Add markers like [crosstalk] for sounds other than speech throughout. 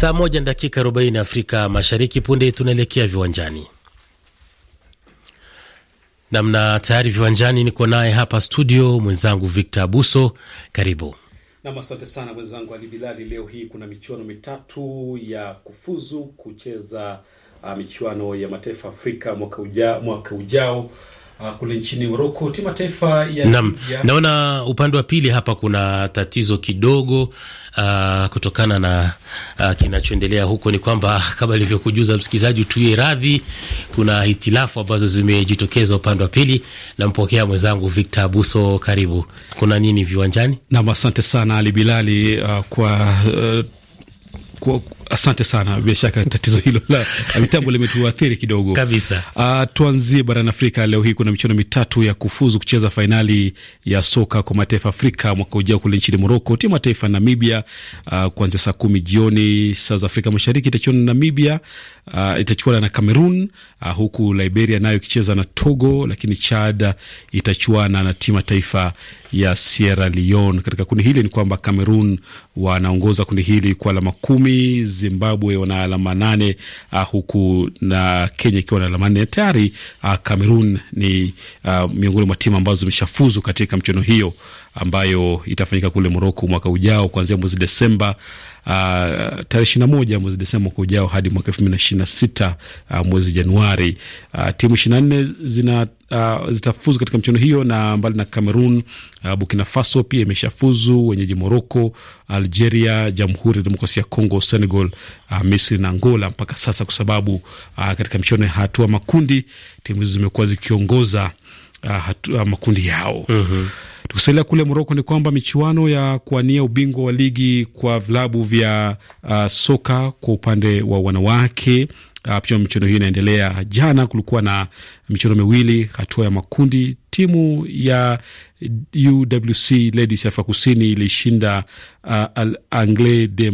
Saa moja na dakika 40 Afrika Mashariki. Punde tunaelekea viwanjani namna tayari viwanjani. Niko naye hapa studio mwenzangu Victor Abuso, karibu nam. Asante sana mwenzangu Ali Bilali. Leo hii kuna michuano mitatu ya kufuzu kucheza uh, michuano ya mataifa Afrika mwaka, uja, mwaka ujao Uh, kule nchini Moroko, timu taifa ya Naam. Naona upande wa pili hapa kuna tatizo kidogo uh, kutokana na uh, kinachoendelea huko ni kwamba [laughs] kama ilivyokujuza msikilizaji, tuye radhi, kuna hitilafu ambazo zimejitokeza upande wa pili. Nampokea mwenzangu Victor Abuso, karibu. Kuna nini viwanjani? nam asante sana Ali Bilali uh, kwa uh, kwa Asante sana, bila shaka tatizo hilo la mitambo limetuathiri kidogo kabisa. Uh, tuanzie barani Afrika. Leo hii kuna michuano mitatu ya kufuzu kucheza fainali ya soka kwa mataifa Afrika mwaka ujao kule nchini Moroko. Timu ya taifa Namibia uh, kuanzia saa kumi jioni saa za Afrika Mashariki itachuana na Namibia, uh, ah, itachuana na Cameroon, uh, huku Liberia nayo ikicheza na Togo, lakini Chad itachuana na timu ya taifa ya Sierra Leone. Katika kundi hili ni kwamba Cameroon wanaongoza kundi hili kwa alama kumi Zimbabwe wana alama nane uh, huku na Kenya ikiwa na alama nne tayari. Uh, Cameroon ni uh, miongoni mwa timu ambazo zimeshafuzu katika mchuano hiyo ambayo itafanyika kule Moroko mwaka ujao kuanzia mwezi Desemba uh, tarehe ishirini na moja mwezi Desemba mwaka ujao hadi mwaka elfu mbili na ishirini na sita uh, mwezi Januari. Uh, timu ishirini na nne zina Uh, zitafuzu katika mchuano hiyo, na mbali na Cameroon, uh, Burkina Faso pia imeshafuzu, wenyeji Morocco, Algeria, Jamhuri ya Demokrasia ya Kongo, Senegal, uh, Misri na Angola mpaka sasa, kwa sababu uh, katika michuano ya hatua makundi timu hizo zimekuwa zikiongoza uh, hatua makundi yao. mm -hmm. Tukisalia kule Moroko ni kwamba michuano ya kuwania ubingwa wa ligi kwa vilabu vya uh, soka kwa upande wa wanawake Uh, pia michuano hiyo inaendelea. Jana kulikuwa na michuano miwili, hatua ya makundi timu ya UWC Ladies Afrika Kusini ilishinda uh, Angle de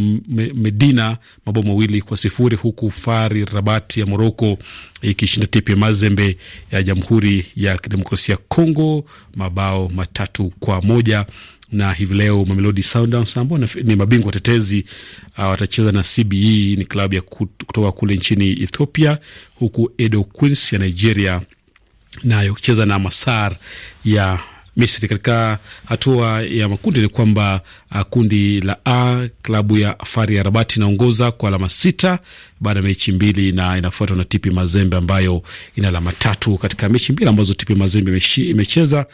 Medina mabao mawili kwa sifuri huku Fari rabat ya Moroko ikishinda TP Mazembe ya Jamhuri ya Kidemokrasia ya Congo mabao matatu kwa moja na hivi leo Mamelodi Sundowns ambao ni mabingwa watetezi uh, watacheza na CBE ni klabu ya kutoka kule nchini Ethiopia, huku Edo Queens ya Nigeria nayo kucheza na Masar ya Misri. Katika hatua ya makundi ni kwamba uh, kundi la A klabu ya Fari ya Rabati inaongoza kwa alama sita baada ya mechi mbili na inafuatwa na Tipi Mazembe ambayo ina alama tatu. Katika mechi mbili ambazo Tipi Mazembe imecheza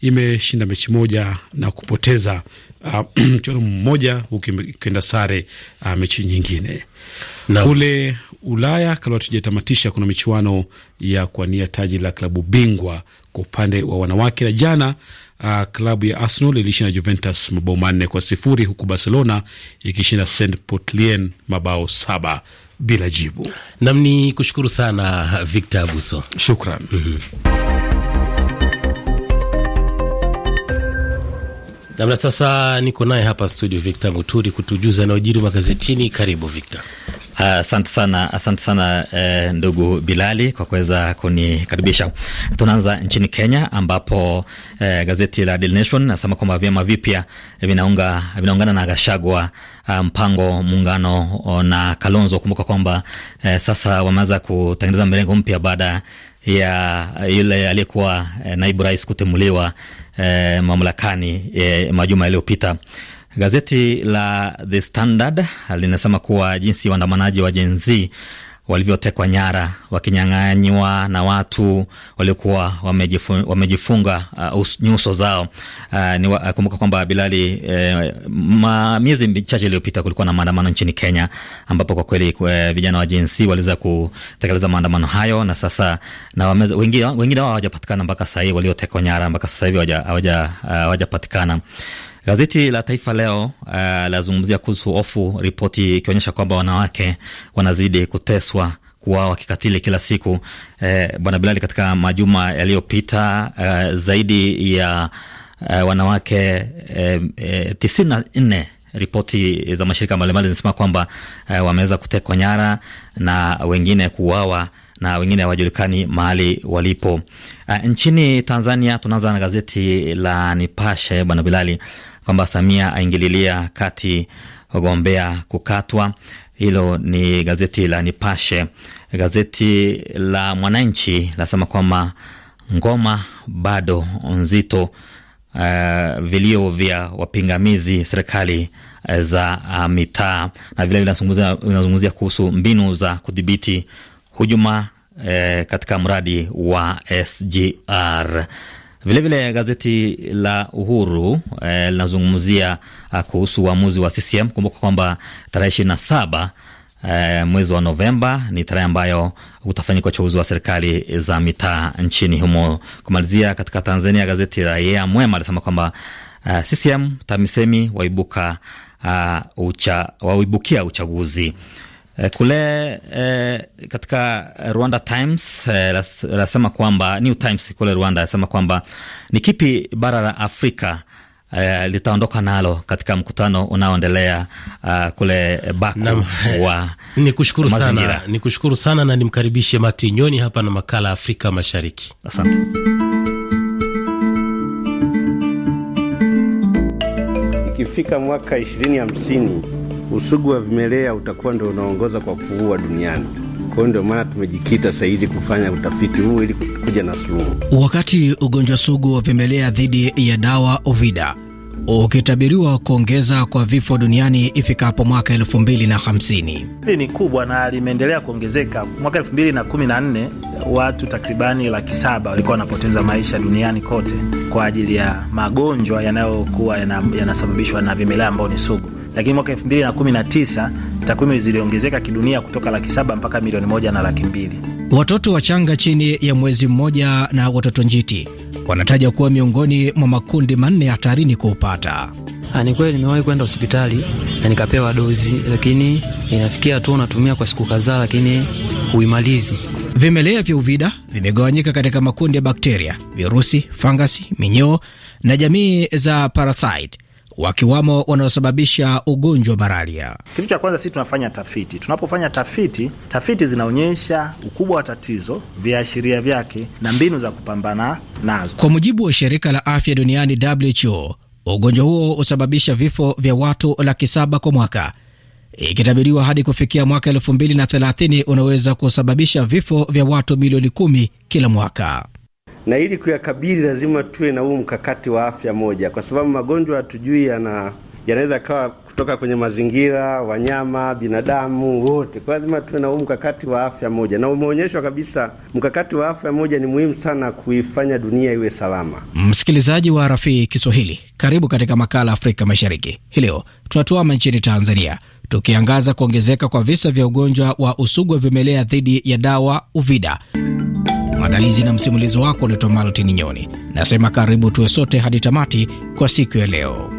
imeshinda mechi moja na kupoteza uh, [clears throat] mchuano uh, mmoja huku ikienda sare uh, mechi nyingine kule Ulaya kabla tujatamatisha, kuna michuano ya kuania taji la klabu bingwa kwa upande wa wanawake, na jana uh, klabu ya Arsenal ilishinda Juventus mabao manne kwa sifuri huku Barcelona ikishinda st Potlien mabao saba bila jibu. Nam ni kushukuru sana Victor Abuso, shukran. mm -hmm. Namna sasa, niko naye hapa studio Victor Muturi kutujuza naojiri magazetini. Karibu Victor. Asante uh, sana asante sana eh, ndugu Bilali kwa kuweza kunikaribisha. Tunaanza nchini Kenya ambapo eh, gazeti la Daily Nation nasema kwamba vyama vipya vinaunga vinaungana na Gashagwa ah, mpango muungano oh, na Kalonzo. Kumbuka kwamba eh, sasa wameanza kutengeneza mrengo mpya baada ya yule aliyekuwa eh, naibu rais kutimuliwa eh, mamlakani eh, majuma yaliyopita. Gazeti la The Standard linasema kuwa jinsi waandamanaji wa Gen Z walivyotekwa nyara wakinyang'anywa na watu waliokuwa wamejifunga, wamejifunga uh, nyuso zao. Uh, kumbuka kwamba Bilali, uh, miezi michache iliyopita kulikuwa na maandamano nchini Kenya ambapo kwa kweli uh, vijana wa jinsi waliweza kutekeleza maandamano hayo, na sasa na wengine wao hawajapatikana mpaka sahii, waliotekwa nyara mpaka sasa hivi uh, hawajapatikana. Gazeti la Taifa Leo uh, lazungumzia kuhusu hofu, ripoti ikionyesha kwamba wanawake wanazidi kuteswa kuuawa kikatili kila siku. Uh, Bwana Bilali, katika majuma yaliyopita uh, zaidi ya uh, wanawake eh, eh, tisini na nne ripoti za mashirika mbalimbali zinasema kwamba uh, wameweza kutekwa nyara na wengine kuuawa na wengine hawajulikani mahali walipo. Uh, nchini Tanzania tunaanza na gazeti la Nipashe, bwana Bilali kwamba Samia aingililia kati wagombea kukatwa. Hilo ni gazeti la Nipashe. Gazeti la Mwananchi lasema kwamba ngoma bado nzito, uh, vilio vya wapingamizi serikali eh, za uh, mitaa na vilevile vinazungumzia kuhusu mbinu za kudhibiti hujuma uh, katika mradi wa SGR. Vilevile vile gazeti la Uhuru eh, linazungumzia ah, kuhusu uamuzi wa CCM. Kumbuka kwamba tarehe ishirini na saba eh, mwezi wa Novemba ni tarehe ambayo utafanyika uchaguzi wa serikali za mitaa nchini humo. Kumalizia katika Tanzania, gazeti la Yea Mwema alisema kwamba eh, CCM TAMISEMI waibuka Uh, ucha, waibukia uchaguzi Eh, kule eh, katika Rwanda Times anasema eh, kwamba New Times kule Rwanda anasema kwamba ni kipi bara la Afrika eh, litaondoka nalo katika mkutano unaoendelea uh, kule Baku na, eh, wa kushukuru sana, kushukuru sana na nimkaribishe Mati Nyoni hapa na makala Afrika Mashariki. Asante. Ikifika mwaka 2050 usugu wa vimelea utakuwa ndio unaongoza kwa kuua duniani. Kwa hiyo ndio maana tumejikita sahizi kufanya utafiti huu ili kuja na suluhu. Wakati ugonjwa sugu wa vimelea dhidi ya dawa Uvida ukitabiriwa kuongeza kwa vifo duniani ifikapo mwaka hamsini. Hili ni kubwa na limeendelea kuongezeka. Mwaka 2014 watu takribani laki saba walikuwa wanapoteza maisha duniani kote kwa ajili ya magonjwa yanayokuwa yanasababishwa na vimelea ambao ni sugu lakini mwaka tisa takwimu ziliongezeka kidunia kutoka laki saba mpaka milioni moja na laki mbili. Watoto wachanga chini ya mwezi mmoja na watoto njiti wanataja kuwa miongoni mwa makundi manne hatarini kuupata. Ah, ni kweli nimewahi kwenda hospitali na nikapewa dozi, lakini inafikia tu unatumia kwa siku kadhaa, lakini huimalizi. Vimelea vya uvida vimegawanyika katika makundi ya bakteria, virusi, fangasi, minyoo na jamii za parasite wakiwamo wanaosababisha ugonjwa wa malaria. Kitu cha kwanza sisi tunafanya tafiti. Tunapofanya tafiti, tafiti zinaonyesha ukubwa wa tatizo, viashiria vyake na mbinu za kupambana nazo. Kwa mujibu wa shirika la afya duniani WHO, ugonjwa huo husababisha vifo vya watu laki saba kwa mwaka ikitabiriwa hadi kufikia mwaka elfu mbili na thelathini unaweza kusababisha vifo vya watu milioni kumi kila mwaka na ili kuyakabili lazima tuwe na huu mkakati wa afya moja, kwa sababu magonjwa hatujui yana yanaweza kawa kutoka kwenye mazingira, wanyama, binadamu wote. Kwa lazima tuwe na huu mkakati wa afya moja, na umeonyeshwa kabisa mkakati wa afya moja ni muhimu sana kuifanya dunia iwe salama. Msikilizaji wa Rafii Kiswahili, karibu katika makala Afrika Mashariki. Hii leo tunatuama nchini Tanzania tukiangaza kuongezeka kwa visa vya ugonjwa wa usugu wa vimelea dhidi ya dawa UVIDA. Maandalizi na msimulizi wako unaitwa Maltini Nyoni. Nasema karibu tuwe sote hadi tamati kwa siku ya leo.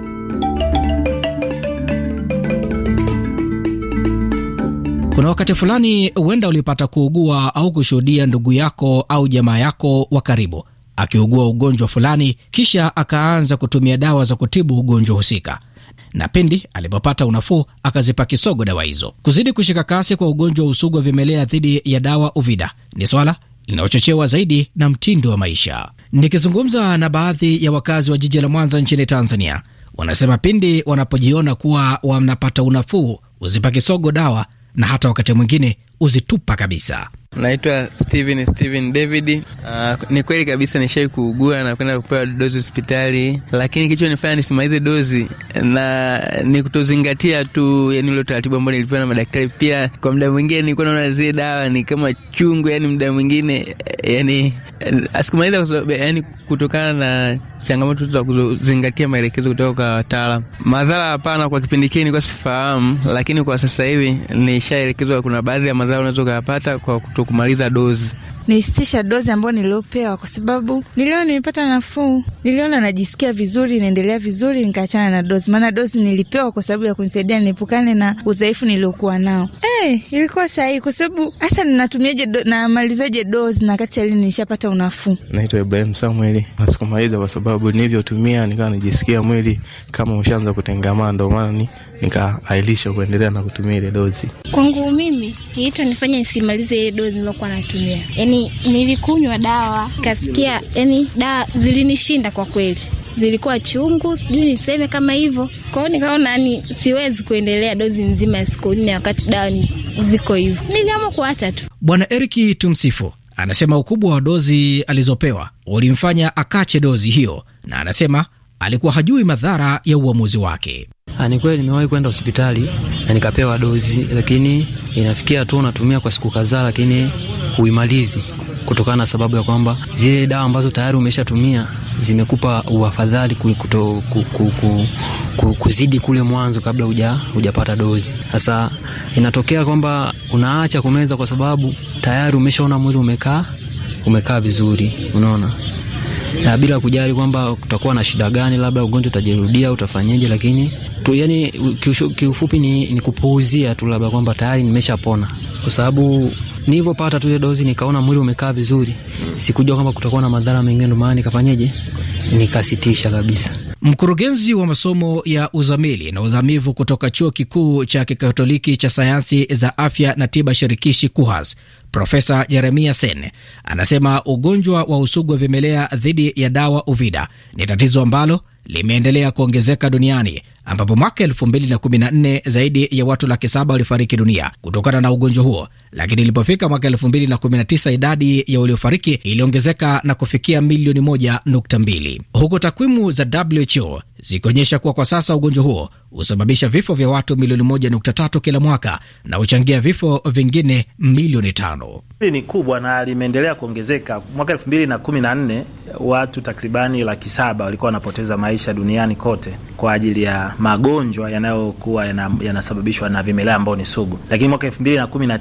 Kuna wakati fulani huenda ulipata kuugua au kushuhudia ndugu yako au jamaa yako wa karibu akiugua ugonjwa fulani, kisha akaanza kutumia dawa za kutibu ugonjwa husika na pindi alipopata unafuu akazipa kisogo dawa hizo. Kuzidi kushika kasi kwa ugonjwa wa usugu wa vimelea dhidi ya dawa Uvida ni swala linaochochewa zaidi na mtindo wa maisha. Nikizungumza na baadhi ya wakazi wa jiji la Mwanza nchini Tanzania, wanasema pindi wanapojiona kuwa wanapata unafuu huzipa kisogo dawa na hata wakati mwingine uzitupa kabisa. Naitwa Steven Steven David. Uh, ni kweli kabisa nishai kuugua na kwenda kupewa dozi hospitali, lakini kichwa nifanya nisimalize dozi na ni kutozingatia tu, yani ule utaratibu ambao nilipewa na madaktari. Pia kwa muda mwingine nilikuwa naona zile dawa ni kama chungu, yani muda mwingine yani asikumaliza, eh, yani kutokana na changamoto za kuzingatia maelekezo kutoka kwa wataalam. Madhara hapana, kwa kipindi kile nilikuwa sifahamu, lakini kwa sasa hivi nishaelekezwa kuna baadhi ya madhara madhara unaweza ukayapata kwa kutokumaliza dozi. Nisitisha dozi ambayo niliopewa kwa sababu niliona nimepata nafuu, niliona najisikia vizuri, naendelea vizuri, nikaachana na dozi, maana dozi nilipewa kwa sababu ya kunisaidia niepukane na udhaifu niliokuwa nao. Hey, eh, ilikuwa sahihi kwa sababu hasa ninatumiaje do, namalizaje dozi na kati alini nishapata unafuu. Naitwa Ibrahim Samueli, nasikumaliza kwa sababu nilivyotumia nikawa najisikia mwili kama ushaanza kutengamaa, ndio maana ni nikaailisha kuendelea na kutumia ile dozi. Kwangu mimi kilicho nifanya nisimalize ile dozi nilokuwa natumia, yani nilikunywa dawa kasikia, yani dawa zilinishinda kwa kweli, zilikuwa chungu, sijui niseme kama hivyo. kwao. nikaona ni yaani, siwezi kuendelea dozi nzima ya siku nne wakati dawa ni ziko hivyo, niliamua kuacha tu. Bwana Eriki Tumsifu anasema ukubwa wa dozi alizopewa ulimfanya akache dozi hiyo, na anasema alikuwa hajui madhara ya uamuzi wake. Ah, ni kweli nimewahi kwenda hospitali na nikapewa dozi, lakini inafikia tu unatumia kwa siku kadhaa, lakini huimalizi kutokana na sababu ya kwamba zile dawa ambazo tayari umeshatumia zimekupa uafadhali kuto, ku, ku, ku, ku, kuzidi kule mwanzo kabla uja, ujapata dozi. Sasa inatokea kwamba unaacha kumeza kwa sababu tayari umeshaona mwili umekaa umekaa vizuri, unaona na bila kujali kwamba kutakuwa na shida gani, labda ugonjwa utajirudia, utafanyaje, lakini tu, yani kiufupi ni, ni kupuuzia tu labda kwamba tayari nimeshapona kwa sababu nilivyopata tu ile dozi nikaona mwili umekaa vizuri, sikujua kwamba kutakuwa na madhara mengine, ndio maana nikafanyaje, nikasitisha kabisa. Mkurugenzi wa masomo ya uzamili na uzamivu kutoka chuo kikuu cha kikatoliki cha sayansi za afya na tiba shirikishi KUHAS Profesa Jeremia Sen anasema ugonjwa wa usugu wa vimelea dhidi ya dawa UVIDA ni tatizo ambalo limeendelea kuongezeka duniani ambapo mwaka 2014 zaidi ya watu laki saba walifariki dunia kutokana na ugonjwa huo, lakini ilipofika mwaka 2019 idadi ya waliofariki iliongezeka na kufikia milioni 1.2 huku takwimu za WHO zikionyesha kuwa kwa sasa ugonjwa huo husababisha vifo vya watu milioni 1.3 kila mwaka na huchangia vifo vingine milioni tano. Hili ni kubwa na limeendelea kuongezeka. Mwaka 2014 watu takribani laki saba walikuwa wanapoteza maisha duniani kote kwa ajili ya magonjwa yanayokuwa yanasababishwa na vimelea ambao ni sugu. Lakini mwaka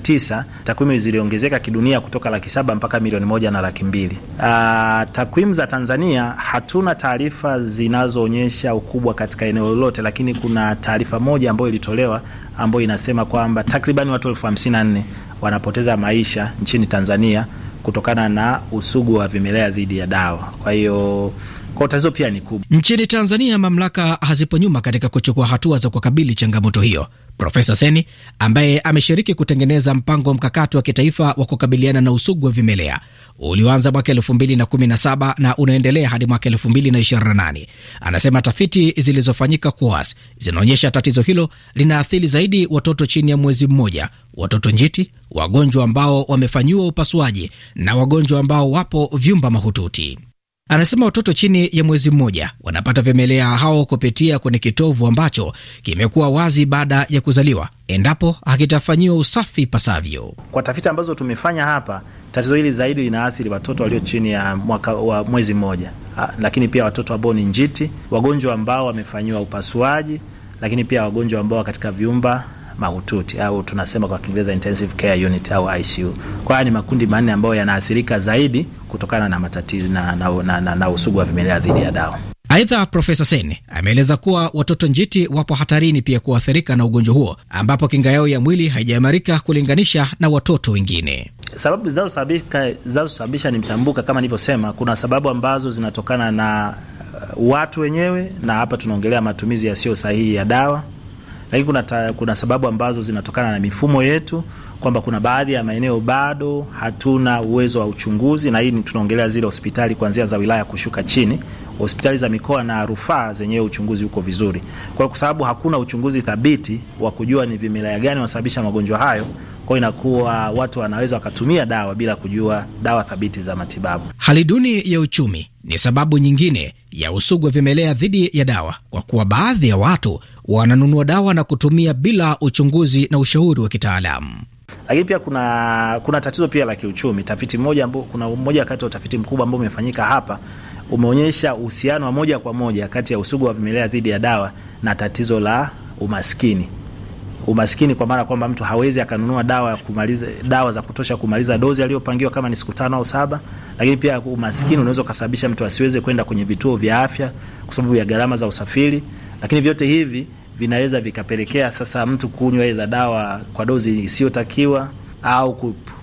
tisa takwimu ziliongezeka kidunia kutoka laki saba mpaka milioni moja na laki mbili. Ah, takwimu za Tanzania hatuna taarifa zinazoonyesha ukubwa katika eneo lolote, lakini kuna taarifa moja ambayo ilitolewa ambayo inasema kwamba takribani watu elfu hamsini na nne wanapoteza maisha nchini Tanzania kutokana na usugu wa vimelea dhidi ya dawa. Kwa hiyo kwa tatizo pia ni kubwa nchini Tanzania. Mamlaka hazipo nyuma katika kuchukua hatua za kukabili changamoto hiyo. Profesa Seni ambaye ameshiriki kutengeneza mpango mkakati wa kitaifa wa kukabiliana na usugu wa vimelea ulioanza mwaka mbili na unaendelea hadi mwaka nane anasema tafiti zilizofanyika KUAS zinaonyesha tatizo hilo linaathiri zaidi watoto chini ya mwezi mmoja, watoto njiti, wagonjwa ambao wamefanyiwa upasuaji na wagonjwa ambao wapo vyumba mahututi. Anasema watoto chini ya mwezi mmoja wanapata vimelea hao kupitia kwenye kitovu ambacho kimekuwa wazi baada ya kuzaliwa endapo hakitafanyiwa usafi pasavyo. Kwa tafiti ambazo tumefanya hapa, tatizo hili zaidi linaathiri watoto walio chini ya mwaka wa mwezi mmoja, ah, lakini pia watoto ambao ni njiti, wagonjwa ambao wamefanyiwa upasuaji, lakini pia wagonjwa ambao katika vyumba mahututi au tunasema kwa Kiingereza intensive care unit au ICU. Kwa hiyo ni makundi manne ambayo yanaathirika zaidi kutokana na matatizo na, na, na, na, na usugu wa vimelea dhidi ya dawa. Aidha, Profesa Sene ameeleza kuwa watoto njiti wapo hatarini pia kuathirika na ugonjwa huo, ambapo kinga yao ya mwili haijaimarika kulinganisha na watoto wengine. Sababu zinazosababisha ni mtambuka, kama nilivyosema, kuna sababu ambazo zinatokana na uh, watu wenyewe, na hapa tunaongelea matumizi yasiyo sahihi ya dawa lakini kuna, ta, kuna sababu ambazo zinatokana na mifumo yetu kwamba kuna baadhi ya maeneo bado hatuna uwezo wa uchunguzi, na hii tunaongelea zile hospitali kuanzia za wilaya kushuka chini. Hospitali za mikoa na rufaa zenyewe uchunguzi uko vizuri, kwa kwa sababu hakuna uchunguzi thabiti wa kujua ni vimelea gani wanasababisha magonjwa hayo. Kwa inakuwa watu wanaweza wakatumia dawa bila kujua dawa thabiti za matibabu. Hali duni ya uchumi ni sababu nyingine ya usugu wa vimelea dhidi ya dawa, kwa kuwa baadhi ya watu wananunua dawa na kutumia bila uchunguzi na ushauri wa kitaalamu. Lakini pia kuna, kuna tatizo pia la kiuchumi. Tafiti moja ambao, kuna mmoja kati ya utafiti mkubwa ambao umefanyika hapa umeonyesha uhusiano wa moja kwa moja kati ya usugu wa vimelea dhidi ya dawa na tatizo la umaskini. Umaskini kwa maana kwamba mtu hawezi akanunua dawa, kumaliza, dawa za kutosha kumaliza dozi aliyopangiwa kama ni siku tano au saba. Lakini pia umaskini unaweza ukasababisha mtu asiweze kwenda kwenye vituo vya afya kwa sababu ya gharama za usafiri, lakini vyote hivi vinaweza vikapelekea sasa mtu kunywa hizo dawa kwa dozi isiyotakiwa au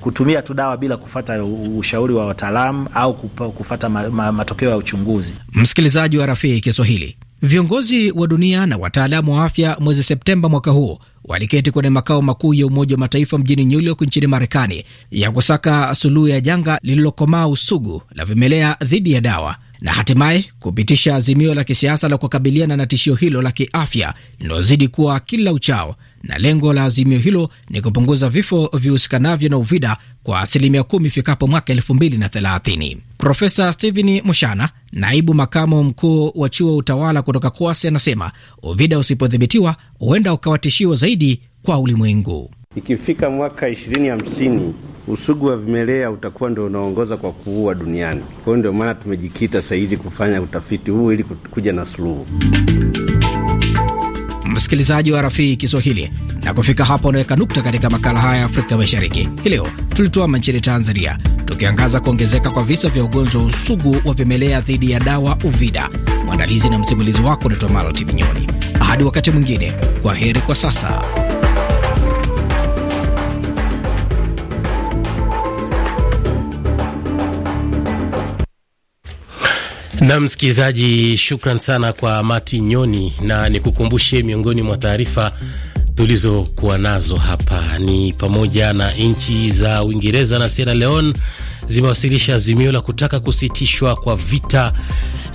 kutumia tu dawa bila kufata ushauri wa wataalamu au kufata ma, ma, matokeo ya uchunguzi. Msikilizaji wa Rafiki Kiswahili, viongozi wa dunia na wataalamu wa afya mwezi Septemba mwaka huu waliketi kwenye makao makuu ya Umoja wa Mataifa mjini New York nchini Marekani ya kusaka suluhu ya janga lililokomaa usugu la vimelea dhidi ya dawa na hatimaye kupitisha azimio la kisiasa la kukabiliana na tishio hilo la kiafya linalozidi kuwa kila uchao, na lengo la azimio hilo ni kupunguza vifo vihusikanavyo na uvida kwa asilimia kumi ifikapo mwaka elfu mbili na thelathini. Profesa Stephen Mushana, naibu makamu mkuu wa chuo utawala kutoka KOASI, anasema uvida usipodhibitiwa huenda ukawa tishio zaidi kwa ulimwengu ikifika mwaka ishirini hamsini usugu wa vimelea utakuwa ndio unaongoza kwa kuua duniani. Kwa hiyo ndio maana tumejikita sahizi kufanya utafiti huu ili kuja na suluhu. Msikilizaji wa Rafii Kiswahili, na kufika hapa unaweka nukta katika makala haya ya Afrika Mashariki hii leo. Tulituama nchini Tanzania tukiangaza kuongezeka kwa visa vya ugonjwa usugu wa vimelea dhidi ya dawa UVIDA. Mwandalizi na msimulizi wako unaitwa Maloti Minyoni. Hadi wakati mwingine, kwa heri kwa sasa. Na msikilizaji, shukran sana kwa Mati Nyoni, na nikukumbushe miongoni mwa taarifa tulizokuwa nazo hapa ni pamoja na nchi za Uingereza na Sierra Leone zimewasilisha azimio la kutaka kusitishwa kwa vita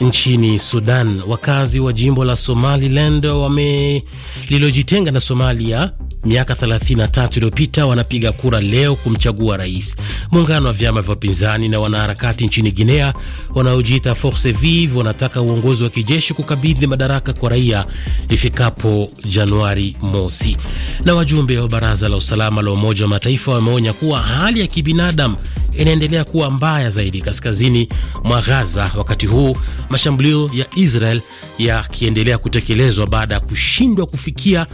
nchini Sudan. Wakazi wa jimbo la Somaliland wame lililojitenga na Somalia miaka 33 iliyopita wanapiga kura leo kumchagua rais. Muungano wa vyama vya upinzani na wanaharakati nchini Guinea wanaojiita Force Vive wanataka uongozi wa kijeshi kukabidhi madaraka kwa raia ifikapo Januari mosi. Na wajumbe wa baraza la usalama la Umoja wa Mataifa wameonya kuwa hali ya kibinadamu inaendelea kuwa mbaya zaidi kaskazini mwa Gaza, wakati huu mashambulio ya Israel yakiendelea kutekelezwa baada ya kushindwa kufikia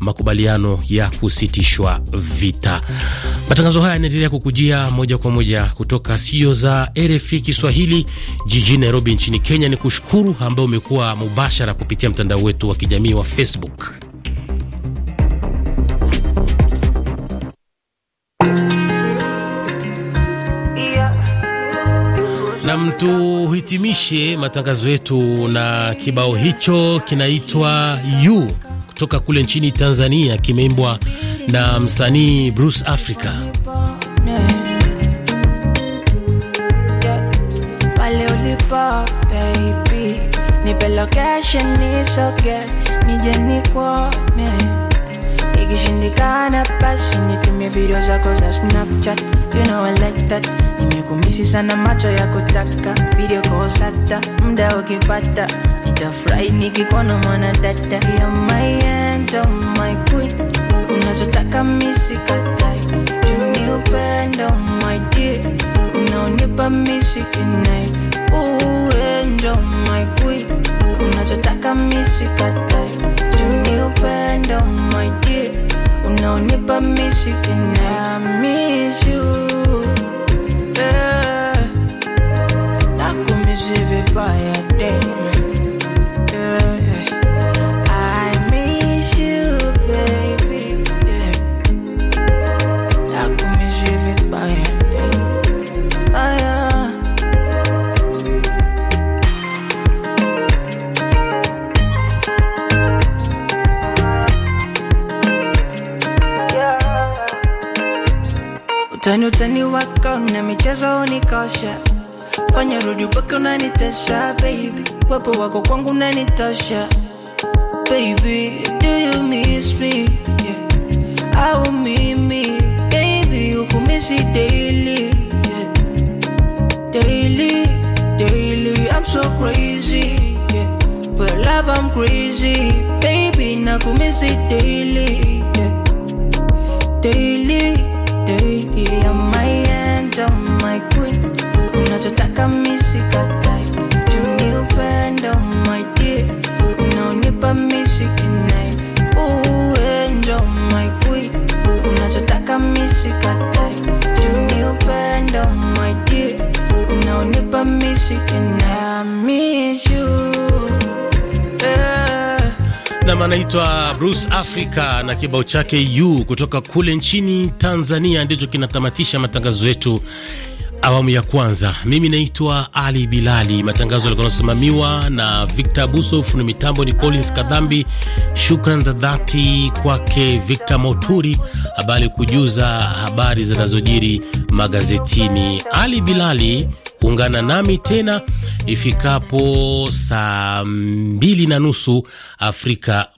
makubaliano ya kusitishwa vita. Matangazo haya yanaendelea kukujia moja kwa moja kutoka studio za RFI Kiswahili jijini Nairobi nchini Kenya. Ni kushukuru ambayo umekuwa mubashara kupitia mtandao wetu wa kijamii wa Facebook. tuhitimishe matangazo yetu na kibao hicho kinaitwa yu kutoka kule nchini Tanzania, kimeimbwa na msanii Bruce Africa. Ikishindikana basi nitumie video zako za Snapchat, you know I like that. Nimekumisi sana macho ya kutaka video call, muda ukipata Nitafurahi nikikuwa na mwanadada, ya my angel, my queen, unachotaka mimi sikatai, upendo my dear, unaonipa mimi sikinai, angel, my queen, unachotaka mimi sikatai, upendo my dear, unaonipa mimi I miss you yeah. baby. wako kwangu nanitosha, baby. Do you miss me? Yeah. Au mimi, baby, ukumisi daily, yeah. daily, daily. I'm so crazy, yeah. For love I'm crazy, baby, nakumisi daily, yeah. daily, daily. I'm my angel, my queen. Unachotaka mimi miss you eh. Nam anaitwa Bruce Africa na kibao chake u kutoka kule nchini Tanzania, ndicho kinatamatisha matangazo yetu awamu ya kwanza. Mimi naitwa Ali Bilali. Matangazo yalikuwa nasimamiwa na Victor Busof, ni mitambo ni Collins Kadhambi. Shukran za dhati kwake Victor Moturi habari kujuza habari zinazojiri magazetini. Ali Bilali kuungana nami tena ifikapo saa mbili na nusu Afrika